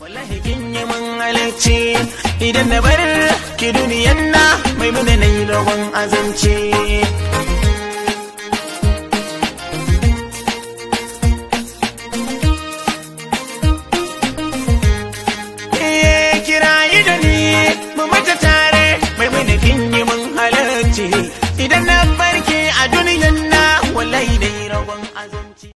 wallahi kin yi mun halarci idan na bar ki duniyan na mai muna nayi rogon azanci Idan na barke a duniyan na wallahi dai rogon azanci